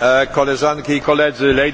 E, koleżanki i koledzy